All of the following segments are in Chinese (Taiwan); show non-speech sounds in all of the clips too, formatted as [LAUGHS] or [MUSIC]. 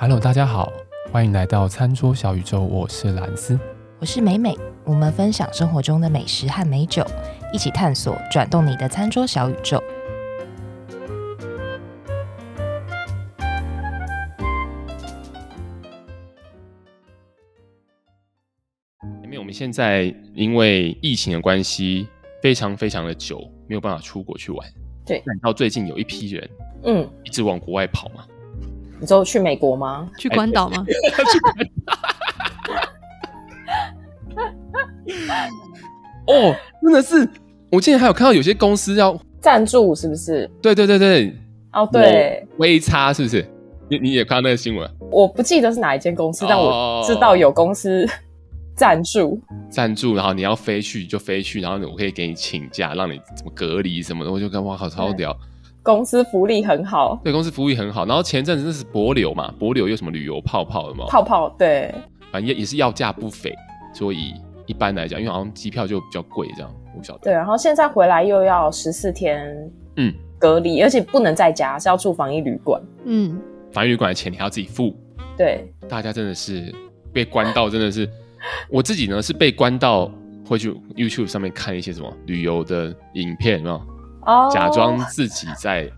Hello，大家好，歡迎來到餐桌小宇宙。我是蘭斯。我是美美。我們分享生活中的美食和美酒，一起探索轉動你的餐桌小宇宙。美美，我們現在因為疫情的關係，非常非常的久，沒有辦法出國去玩。對，那到最近有一批人，嗯，一直往國外跑嘛。嗯你之後去美國嗎？去關島嗎？哎就是、 [LAUGHS] [LAUGHS] [LAUGHS] 哦，真的是！我竟然還有看到有些公司要贊助，是不是？對對對對，哦對，微差是不是？你你也看到那個新聞？我不記得是哪一間公司，但我知道有公司贊助，贊、oh. [LAUGHS] 助，助，然後你要飛去就飛去，然後我可以給你請假，讓你怎麼隔離什麼的，我就跟哇好超屌！公司福利很好，對，公司福利很好。然後前陣子那是帛琉嘛，帛琉有什麼旅遊泡泡的嗎？泡泡對，反正也是要價不菲，所以一般來講，因為好像機票就比較貴，這樣我不曉得。對，然後現在回來又要十四天隔離嗯隔離，而且不能在家，是要住防疫旅館。嗯，防疫旅館的錢你還要自己付。對，大家真的是被關到，真的是 [LAUGHS] 我自己呢是被關到，會去 YouTube 上面看一些什麼旅遊的影片有沒有？哦、oh，假裝自己在旅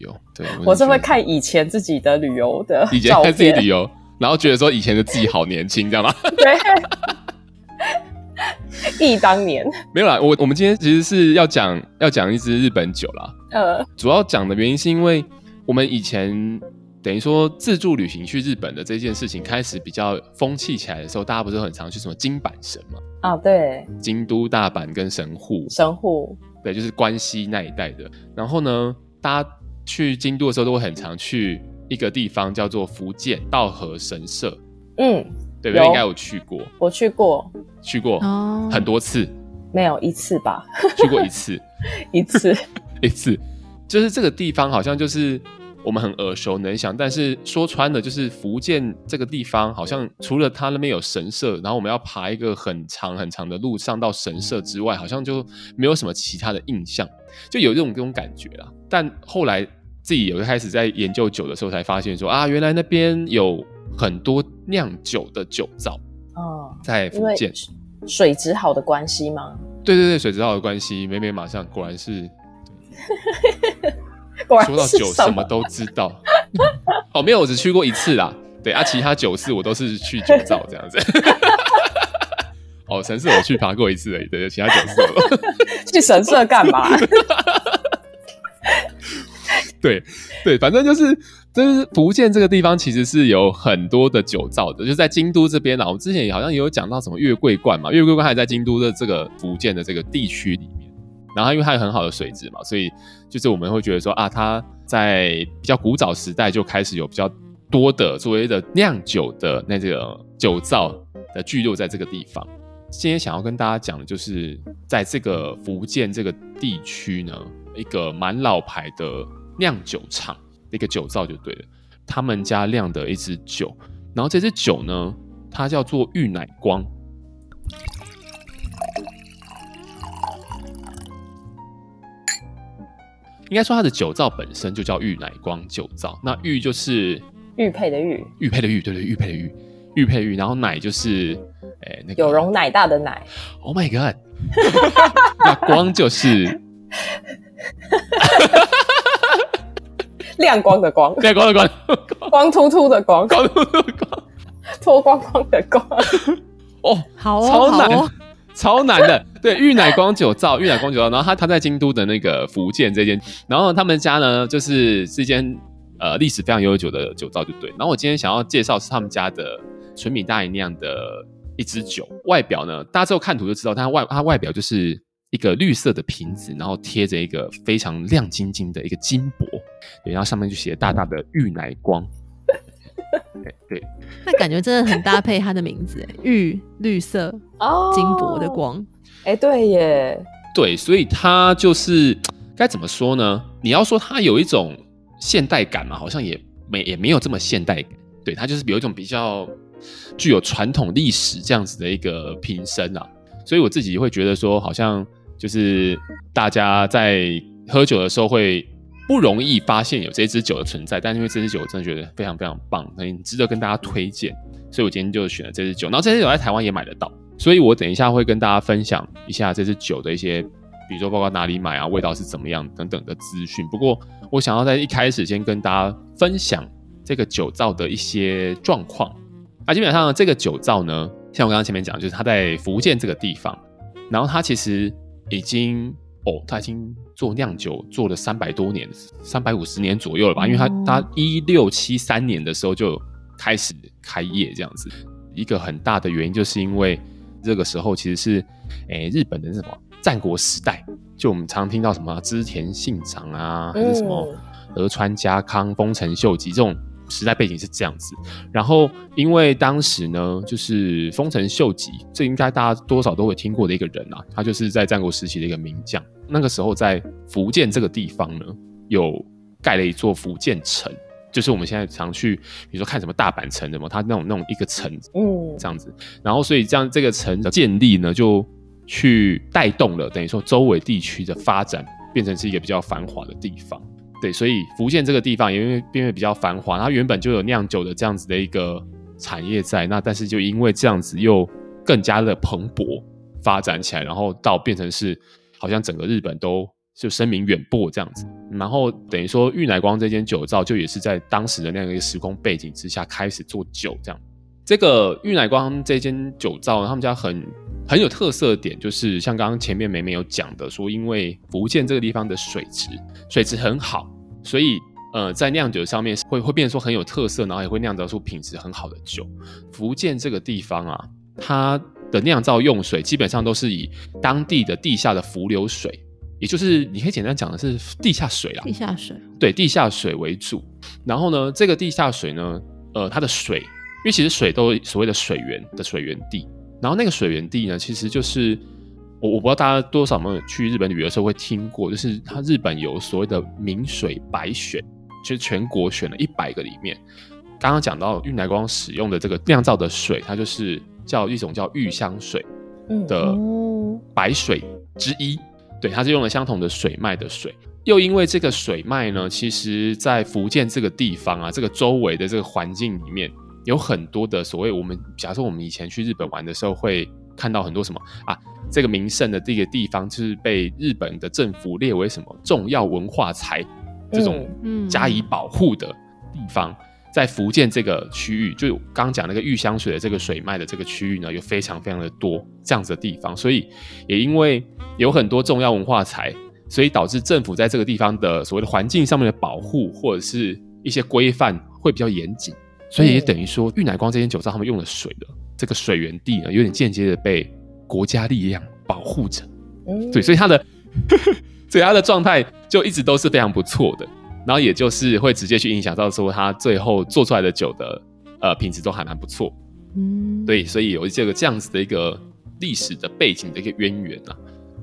遊，對，我是會看以前自己的旅遊的，以前看自己旅遊，然後覺得說以前的自己好年輕，知道嗎？對，憶 [LAUGHS] 當年。沒有啦，我我們今天其實是要講要講一支日本酒啦。呃、uh，主要講的原因是因為我們以前等於說自助旅行去日本的這件事情開始比較風氣起來的時候，大家不是很常去什麼京阪神嘛？啊、oh，對，京都、大阪跟神戶，神戶。對，就是關西那一帶的。然後呢，大家去京都的時候都會很常去一個地方，叫做伏見稻荷神社。嗯，對不對？應該有去過。我去過，去過很多次，沒有一次吧？去過一次， [LAUGHS] 一次， [LAUGHS] 一次 [LAUGHS] 一次，就是這個地方好像就是。我們很耳熟能詳，但是說穿了，就是伏見這個地方好像除了它那邊有神社，然後我們要爬一個很長很長的路上到神社之外，好像就沒有什麼其他的印象，就有這種這種感覺啦。但後來自己有一開始在研究酒的時候，才發現說啊，原來那邊有很多釀酒的酒造哦，在伏見，哦、水質好的關係嗎？對對對，水質好的關係。美美馬上果然是。 [LAUGHS] 說到酒什，什麼都知道。 [LAUGHS] 哦，沒有，我只去過一次啦。對啊，其他酒寺我都是去酒造這樣子。 [LAUGHS] 哦，神社我去爬過一次而已。對其他酒寺。 [LAUGHS] 去神社幹嘛？ [LAUGHS] 對對，反正就是就是伏見這個地方其實是有很多的酒造的，就是、在京都這邊啦、啊。我們之前也好像也有講到什麼月桂冠嘛，月桂冠還在京都的這個伏見的這個地區裡面。然後，因為它有很好的水質嘛，所以就是我們會覺得說啊，它在比較古早時代就開始有比較多的，所謂的釀酒的那這個酒造的聚落在這個地方。今天想要跟大家講的就是，在這個伏見這個地區呢，一個蠻老牌的釀酒廠，一個酒造就對了，他們家釀的一支酒，然後這支酒呢，它叫做玉乃光。應該說，它的酒造本身就叫玉乃光酒造。那玉就是玉佩的玉，玉佩的玉，對對，玉佩的玉，玉佩的玉。然後奶就是，哎，那個有容乃大的奶。Oh my god！ [LAUGHS] [LAUGHS] [LAUGHS] 那光就是， [LAUGHS] 亮光的光，亮光的光， [LAUGHS] 光禿禿的光，光禿禿的光，脫光光的光。 [LAUGHS] oh, 哦，好啊，好啊、哦。超難的，對，玉乃光酒造，玉乃光酒造，然後他他在京都的那個伏見這間，然後他們家呢就是這間呃歷史非常悠久的酒造，就對。然後我今天想要介紹是他們家的純米大吟釀的一支酒，外表呢，大家之後看圖就知道，它外它外表就是一個綠色的瓶子，然後貼着一個非常亮晶晶的一個金箔，對，然後上面就寫大大的玉乃光。對對，那感覺真的很搭配它的名字， [LAUGHS] 玉綠色哦、oh，金箔的光，哎、欸，對耶，對，所以它就是該怎麼說呢？你要說它有一種現代感嘛，好像也沒也沒有這麼現代感，對，它就是有一種比較具有傳統歷史這樣子的一個瓶身啊，所以我自己會覺得說，好像就是大家在喝酒的時候會不容易發現有這支酒的存在，但因為這支酒我真的覺得非常非常棒，很值得跟大家推薦，所以我今天就選了這支酒。然後這支酒在台灣也買得到，所以我等一下會跟大家分享一下這支酒的一些，比如說包括哪裡買啊、味道是怎麼樣等等的資訊。不過我想要在一開始先跟大家分享這個酒造的一些狀況。那、啊、基本上呢這個酒造呢，像我剛剛前面講，就是它在伏見這個地方，然後它其實已經。哦，他已經做釀酒做了三百多年，三百五十年左右了吧？嗯、因為他他一六七三年的時候就開始開業這樣子，一個很大的原因就是因為這個時候其實是，誒，日本的是什麼戰國時代，就我們常聽到什麼織田信長啊，還是什麼德川家康、豐臣秀吉這種。時代背景是這樣子，然後因為當時呢，就是豐臣秀吉，這應該大家多少都會聽過的一個人啊，他就是在戰國時期的一個名將。那個時候在伏見這個地方呢，有蓋了一座伏見城，就是我們現在常去，比如說看什麼大阪城的嘛，他那種那種一個城，哦。這樣子，哦。然後所以這樣這個城的建立呢，就去帶動了，等於說周圍地區的發展，變成是一個比較繁華的地方。對，所以伏見這個地方因為，因為比較繁華，它原本就有釀酒的這樣子的一個產業在，那但是就因為這樣子又更加的蓬勃發展起來，然後到變成是好像整個日本都就聲名遠播這樣子，然後等於說玉乃光這間酒造就也是在當時的那樣一個時空背景之下開始做酒這樣，這個玉乃光這間酒造他們家很，很有特色的點就是像剛剛前面美美有講的說，因為伏見這個地方的水質水質很好，所以呃在釀酒上面會會變成說很有特色，然後也會釀造出品質很好的酒。伏見這個地方啊，它的釀造用水基本上都是以當地的地下的伏流水，也就是你可以簡單講的是地下水啦。地下水。對，地下水為主。然後呢，這個地下水呢，呃，它的水，因為其實水都所謂的水源的水源地。然後那個水源地呢，其實就是我我不知道大家多少沒有去日本旅遊的時候會聽過，就是它日本有所謂的名水百選，其實全國選了一百個裡面，剛剛講到玉乃光使用的這個釀造的水，它就是叫一種叫御香水的白水之一，對，它是用了相同的水脈的水，又因為這個水脈呢，其實在伏見這個地方啊，這個周圍的這個環境裡面。有很多的所謂我們，假如說我們以前去日本玩的時候，會看到很多什麼啊，這個名勝的這個地方就是被日本的政府列為什麼重要文化財這種加以保護的地方，嗯嗯。在伏見這個區域，就剛講那個御香水的這個水脈的這個區域呢，有非常非常的多這樣子的地方，所以也因為有很多重要文化財，所以導致政府在這個地方的所謂的環境上面的保護或者是一些規範會比較嚴謹。所以也等於說，玉乃光這間酒造他們用的水的這個水源地呢，有點間接的被國家力量保護着，對，所以他的， [LAUGHS] 所以他的狀態就一直都是非常不錯的，然後也就是會直接去影響到說他最後做出來的酒的呃品質都還蠻不錯，嗯，對，所以有這個這樣子的一個歷史的背景的一個淵源啊。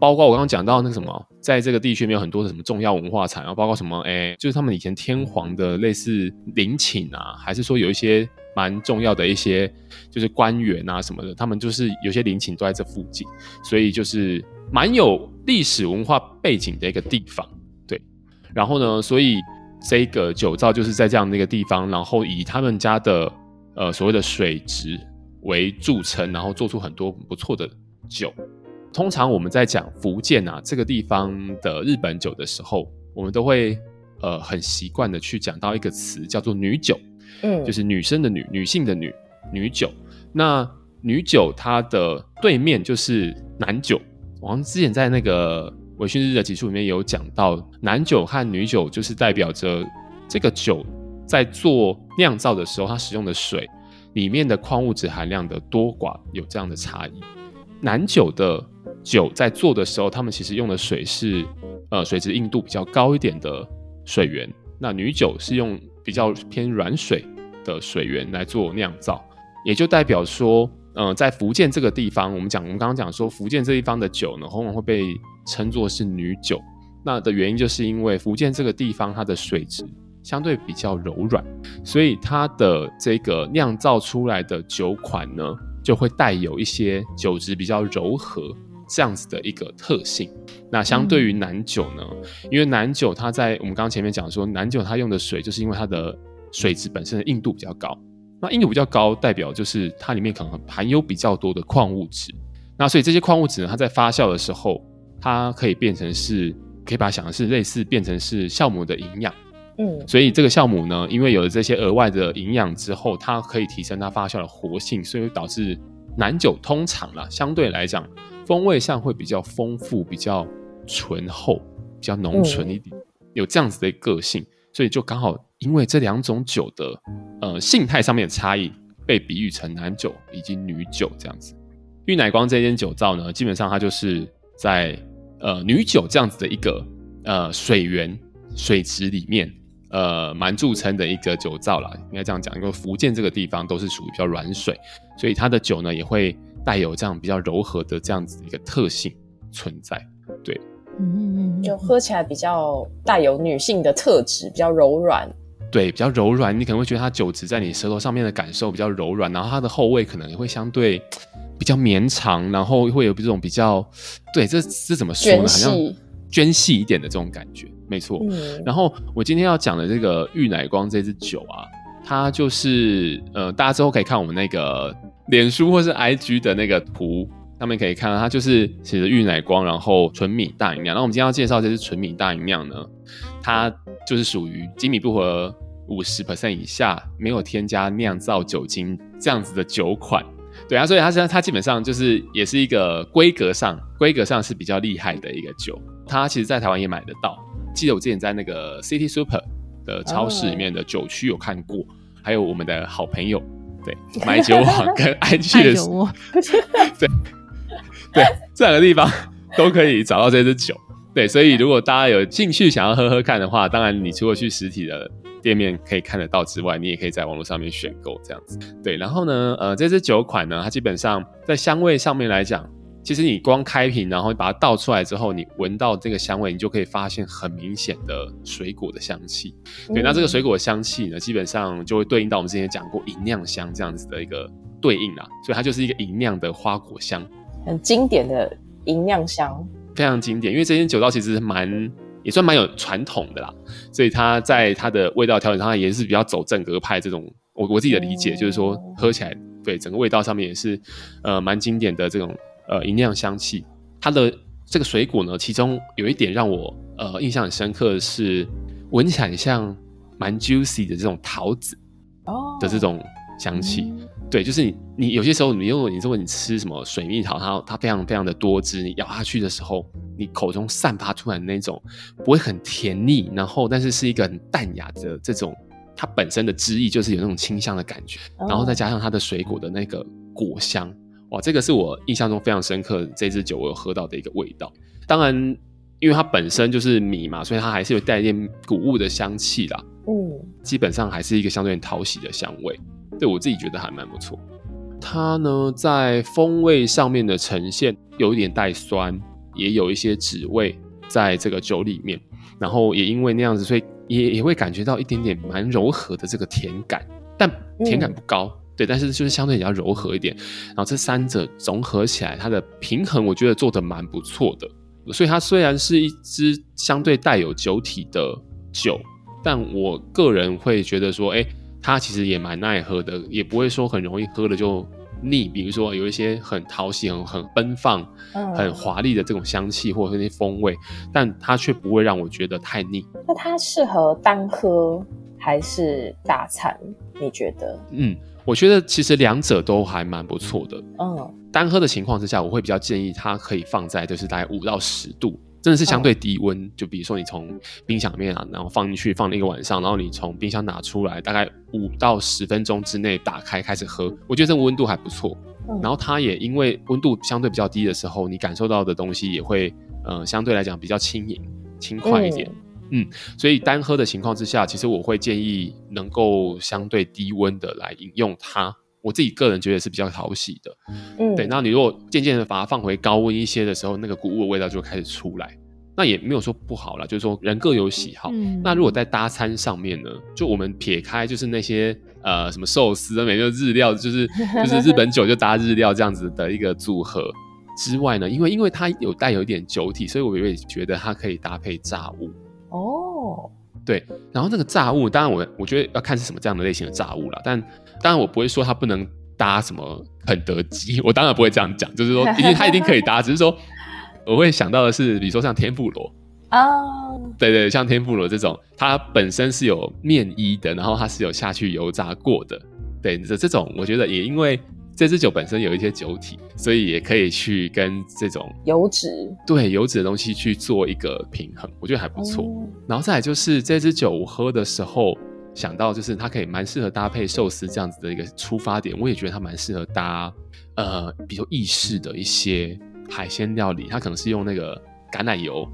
包括我剛剛講到那個什麼，在這個地區沒有很多的什麼重要文化財，然後包括什麼，誒、欸、就是他們以前天皇的類似陵寢啊，還是說有一些蠻重要的一些，就是官員啊什麼的，他們就是有些陵寢都在這附近，所以就是蠻有歷史文化背景的一個地方，對。然後呢，所以這一個酒造就是在這樣的一個地方，然後以他們家的呃所謂的水質為著稱，然後做出很多不錯的酒。通常我們在講伏見啊這個地方的日本酒的時候，我們都會呃很習慣的去講到一個詞，叫做女酒，嗯，就是女生的女，女性的女，女酒。那女酒它的對面就是男酒。我們之前在那個微醺日的集數裡面有講到，男酒和女酒就是代表着這個酒在做釀造的時候，它使用的水裡面的礦物質含量的多寡有這樣的差異。男酒的酒在做的時候，他們其實用的水是呃水質硬度比較高一點的水源。那女酒是用比較偏軟水的水源來做釀造，也就代表說，嗯、呃，在伏見這個地方，我們講我們剛剛講說，伏見這地方的酒呢，往往會被稱作是女酒。那的原因就是因為伏見這個地方它的水質相對比較柔軟，所以它的這個釀造出來的酒款呢，就會帶有一些酒質比較柔和這樣子的一個特性。那相對於男酒呢、嗯，因為男酒它在我們剛剛前面講說，男酒它用的水就是因為它的水質本身的硬度比較高。那硬度比較高，代表就是它裡面可能含有比較多的礦物質。那所以這些礦物質呢，它在發酵的時候，它可以變成是，可以把它想的是類似變成是酵母的營養。嗯，所以這個酵母呢，因為有了這些額外的營養之後，它可以提升它發酵的活性，所以會導致男酒通常啦，相對來講，風味上會比較豐富、比較醇厚、比較濃醇一點、嗯，有這樣子的一個個性，所以就剛好因為這兩種酒的呃性態上面的差異，被比喻成男酒以及女酒這樣子。玉乃光這間酒造呢，基本上它就是在呃女酒這樣子的一個呃水源水池裡面，呃，蠻著稱的一個酒造了，應該這樣講，因為伏見這個地方都是屬於比較軟水，所以它的酒呢也會帶有這樣比較柔和的這樣子一個特性存在，對，嗯嗯嗯，就喝起來比較帶有女性的特質，比較柔軟，對，比較柔軟，你可能會覺得它酒質在你舌頭上面的感受比較柔軟，然後它的後味可能也會相對比較綿長，然後會有這種比較，對，這這怎麼說呢？纖細一點的這種感覺，沒錯。嗯、然後我今天要講的這個玉乃光這支酒啊，它就是呃，大家之後可以看我們那個臉書或是 IG 的那個圖，上面可以看到它就是寫着玉乃光，然後純米大吟釀。那我們今天要介紹這支純米大吟釀呢，它就是屬於精米步合五十 percent 以下，沒有添加釀造酒精這樣子的酒款。對啊，所以它現在它基本上就是也是一個規格上規格上是比較厲害的一個酒，它其實在台灣也買得到。記得我之前在那個 City Super 的超市裡面的酒區有看過，oh. 還有我們的好朋友對，買酒網跟愛趣的 [LAUGHS] 有我 [LAUGHS] 對對，這兩個地方都可以找到這支酒。對，所以如果大家有興趣想要喝喝看的話，當然你除了去實體的。店面可以看得到之外，你也可以在網絡上面選購這樣子。對，然後呢，呃，這支酒款呢，它基本上在香味上面來講，其實你光開瓶，然後你把它倒出來之後，你聞到這個香味，你就可以發現很明顯的水果的香氣。對、嗯，那這個水果的香氣呢，基本上就會對應到我們之前講過吟釀香這樣子的一個對應啦。所以它就是一個吟釀的花果香，很經典的吟釀香，非常經典，因為這間酒造其實蠻。也算蠻有傳統的啦，所以它在它的味道調整上，他也是比較走正格派這種。我我自己的理解嗯嗯，就是說，喝起來對整個味道上面也是，呃，蠻經典的這種呃吟釀香氣。它的這個水果呢，其中有一點讓我呃印象很深刻的是，是聞起來像蠻 juicy 的這種桃子的這種香氣。哦嗯對，就是你，你有些時候你用，你如果你如果你吃什麼水蜜桃，它它非常非常的多汁，你咬下去的時候，你口中散發出來那種不會很甜膩，然後但是是一個很淡雅的這種，它本身的汁液就是有那種清香的感覺，然後再加上它的水果的那個果香，哇，這個是我印象中非常深刻這支酒我有喝到的一個味道。當然，因為它本身就是米嘛，所以它還是有帶一點穀物的香氣啦。嗯，基本上還是一個相對很討喜的香味。對我自己覺得還蠻不錯，它呢在風味上面的呈現有一點帶酸，也有一些脂味在這個酒裡面，然後也因為那樣子，所以也也會感覺到一點點蠻柔和的這個甜感，但甜感不高，嗯、對，但是就是相對比較柔和一點。然後這三者綜合起來，它的平衡我覺得做得蠻不錯的。所以它雖然是一支相對帶有酒體的酒，但我個人會覺得說，誒。它其實也蠻耐喝的，也不會說很容易喝了就膩。比如說有一些很討喜、很很奔放、嗯、很華麗的這種香氣或者是那些風味，但它卻不會讓我覺得太膩。那它適合單喝還是搭餐？你覺得？嗯，我覺得其實兩者都還蠻不錯的。嗯，單喝的情況之下，我會比較建議它可以放在就是大概五到十度。真的是相對低溫，啊，就比如說你從冰箱裡面，啊，然後放進去放了一個晚上，然後你從冰箱拿出來，大概五到十分鐘之內打開開始喝，我覺得這個溫度還不錯，嗯。然後它也因為溫度相對比較低的時候，你感受到的東西也會呃相對來講比較輕盈、輕快一點嗯。嗯，所以單喝的情況之下，其實我會建議能夠相對低溫的來飲用它。我自己個人覺得是比較討喜的，嗯，對。那你如果漸漸的把它放回高溫一些的時候，那個穀物的味道就開始出來，那也沒有說不好啦，就是說人各有喜好，嗯、那如果在搭餐上面呢，就我們撇開就是那些呃什麼壽司啊，每個日料就是就是日本酒就搭日料這樣子的一個組合之外呢， [LAUGHS] 因為因為它有帶有一點酒體，所以我也覺得它可以搭配炸物哦。對，然後那個炸物，當然我我覺得要看是什麼這樣的類型的炸物啦，但當然我不會說它不能搭什麼肯德基，我當然不會這樣講，就是說一定它一定可以搭， [LAUGHS] 只是說我會想到的是，比如說像天婦羅，哦、oh.，對對，像天婦羅這種，它本身是有麵衣的，然後它是有下去油炸過的，對，這這種我覺得也因為。這支酒本身有一些酒體，所以也可以去跟這種油脂對油脂的東西去做一個平衡，我覺得還不錯。嗯、然後再來就是這支酒我喝的時候想到，就是它可以蠻適合搭配壽司這樣子的一個出發點，我也覺得它蠻適合搭呃，比較意式的一些海鮮料理，它可能是用那個橄欖油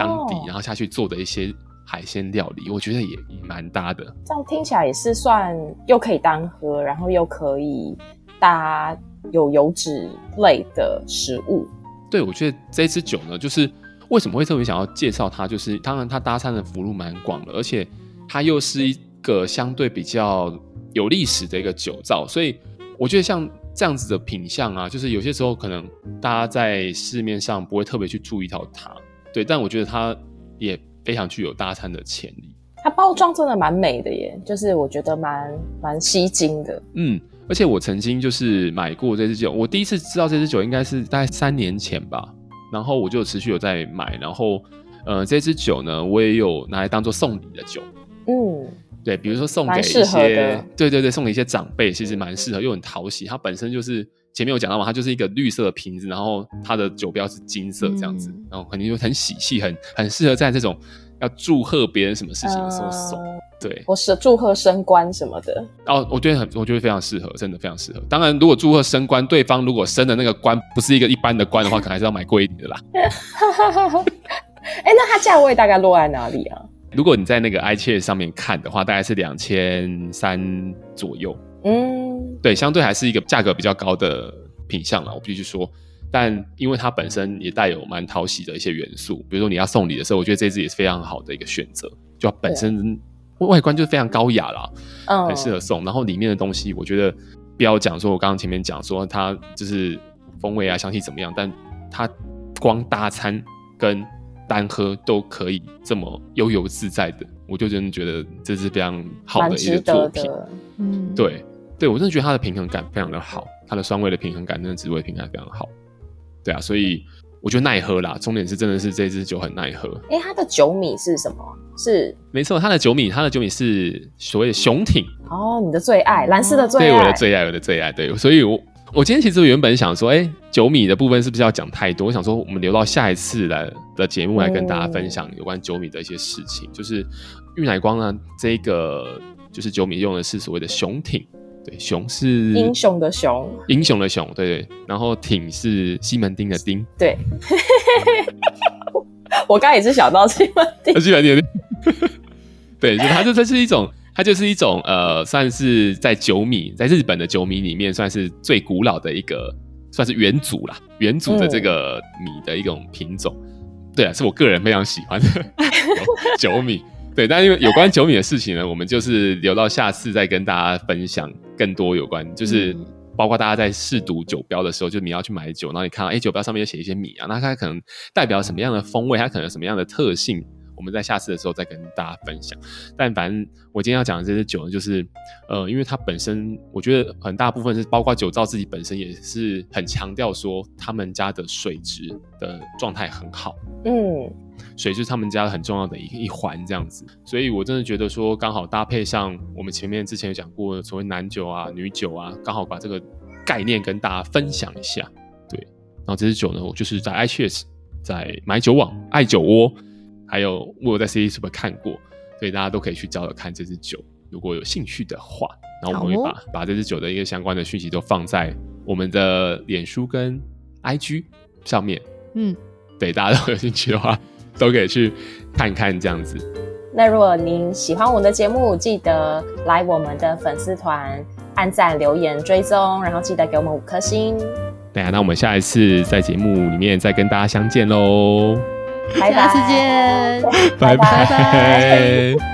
當底，哦、然後下去做的一些海鮮料理，我覺得也也蠻搭的。這樣聽起來也是算又可以單喝，然後又可以。搭有油脂類的食物，對，我覺得這支酒呢，就是為什麼會特別想要介紹它，就是當然它搭餐的幅度蠻廣的，而且它又是一個相對比較有歷史的一個酒造，所以我覺得像這樣子的品相啊，就是有些時候可能大家在市面上不會特別去注意到它，對，但我覺得它也非常具有搭餐的潛力。它包裝真的蠻美的耶，就是我覺得蠻蠻吸睛的，嗯。而且我曾經就是買過這支酒，我第一次知道這支酒應該是大概三年前吧，然後我就持續有在買，然後，呃，這支酒呢，我也有拿來當做送禮的酒，嗯，對，比如說送給一些，對對對，送給一些長輩，其實蠻適合，又很討喜。它本身就是前面有講到嘛，它就是一個綠色的瓶子，然後它的酒標是金色這樣子，嗯，然後肯定就很喜氣，很很適合在這種要祝賀別人什麼事情的時候送。呃對，我是祝賀升官什麼的哦，我覺得很，我覺得非常適合，真的非常適合。當然，如果祝賀升官，對方如果升的那個官不是一個一般的官的話，可 [LAUGHS] 能還是要買貴一點的啦。哈哈哈！哎，那它價位大概落在哪裡啊？如果你在那個 iCheers 上面看的話，大概是兩千三左右。嗯，對，相對還是一個價格比較高的品項啦，我必須說。但因為它本身也帶有蠻討喜的一些元素，比如說你要送禮的時候，我覺得這支也是非常好的一個選擇，就他本身、啊。外觀就非常高雅啦，嗯、oh.，很適合送。然後裡面的東西，我覺得不要講，說我剛剛前面講說它就是風味啊、香氣怎麼樣，但它光搭餐跟單喝都可以這麼悠游自在的，我就真的覺得這是非常好的一個作品。嗯，對，對我真的覺得它的平衡感非常的好，它的酸味的平衡感、跟、那個滋味平衡感非常的好。對啊，所以。我覺得耐喝啦，重點是真的是這支酒很耐喝。哎、欸，它的酒米是什麼？是沒錯，它的酒米，它的酒米是所謂的雄挺。哦，你的最愛，蘭斯的最愛，對，我的最愛，我的最愛，對。所以我我今天其實原本想說，哎、欸，酒米的部分是不是要講太多？我想說，我們留到下一次來的節目來跟大家分享有關酒米的一些事情。嗯、就是玉乃光呢、啊，這個就是酒米用的是所謂的雄挺。對，雄是英雄的雄，英雄的雄，對對。然後町是西門町的町，對。 [LAUGHS] [LAUGHS] 我剛，剛也是想到西門町，西門町。 [LAUGHS] 對，它就它這，它是一種，它就是一種，呃，算是在酒米在日本的酒米裡面，算是最古老的一個，算是元祖啦，元祖的這個米的一種品種。嗯、對啊，是我個人非常喜歡的酒 [LAUGHS] 米。對，但因為有關酒米的事情呢，我們就是留到下次再跟大家分享。更多有關，就是包括大家在試讀酒標的時候、嗯，就你要去買酒，然後你看到哎、欸，酒標上面有寫一些米啊，那它可能代表什麼樣的風味，它可能什麼樣的特性，我們在下次的時候再跟大家分享。但反正我今天要講的這些酒呢，就是呃，因為它本身，我覺得很大部分是包括酒造自己本身也是很強調說他們家的水質的狀態很好，嗯。水是他們家很重要的一一環，這樣子，所以我真的覺得說剛好搭配上我們前面之前有講過的所謂男酒啊、女酒啊，剛好把這個概念跟大家分享一下。對，然後這支酒呢，我就是在 iCHS 在買酒網、嗯、愛酒窩，還有我有在 CCTV 是不是看過，所以大家都可以去找找看這支酒，如果有興趣的話，然後我們會把、哦、把這支酒的一個相關的訊息都放在我們的臉書跟 IG 上面。嗯，對，大家都有興趣的話。都可以去看看這樣子。那如果您喜歡我們的節目，記得來我們的粉絲團按讚、留言、追蹤，然後記得給我們五顆星。等下，那我們下一次在節目裡面再跟大家相見嘍！下次見，拜拜拜拜。 [LAUGHS] [LAUGHS]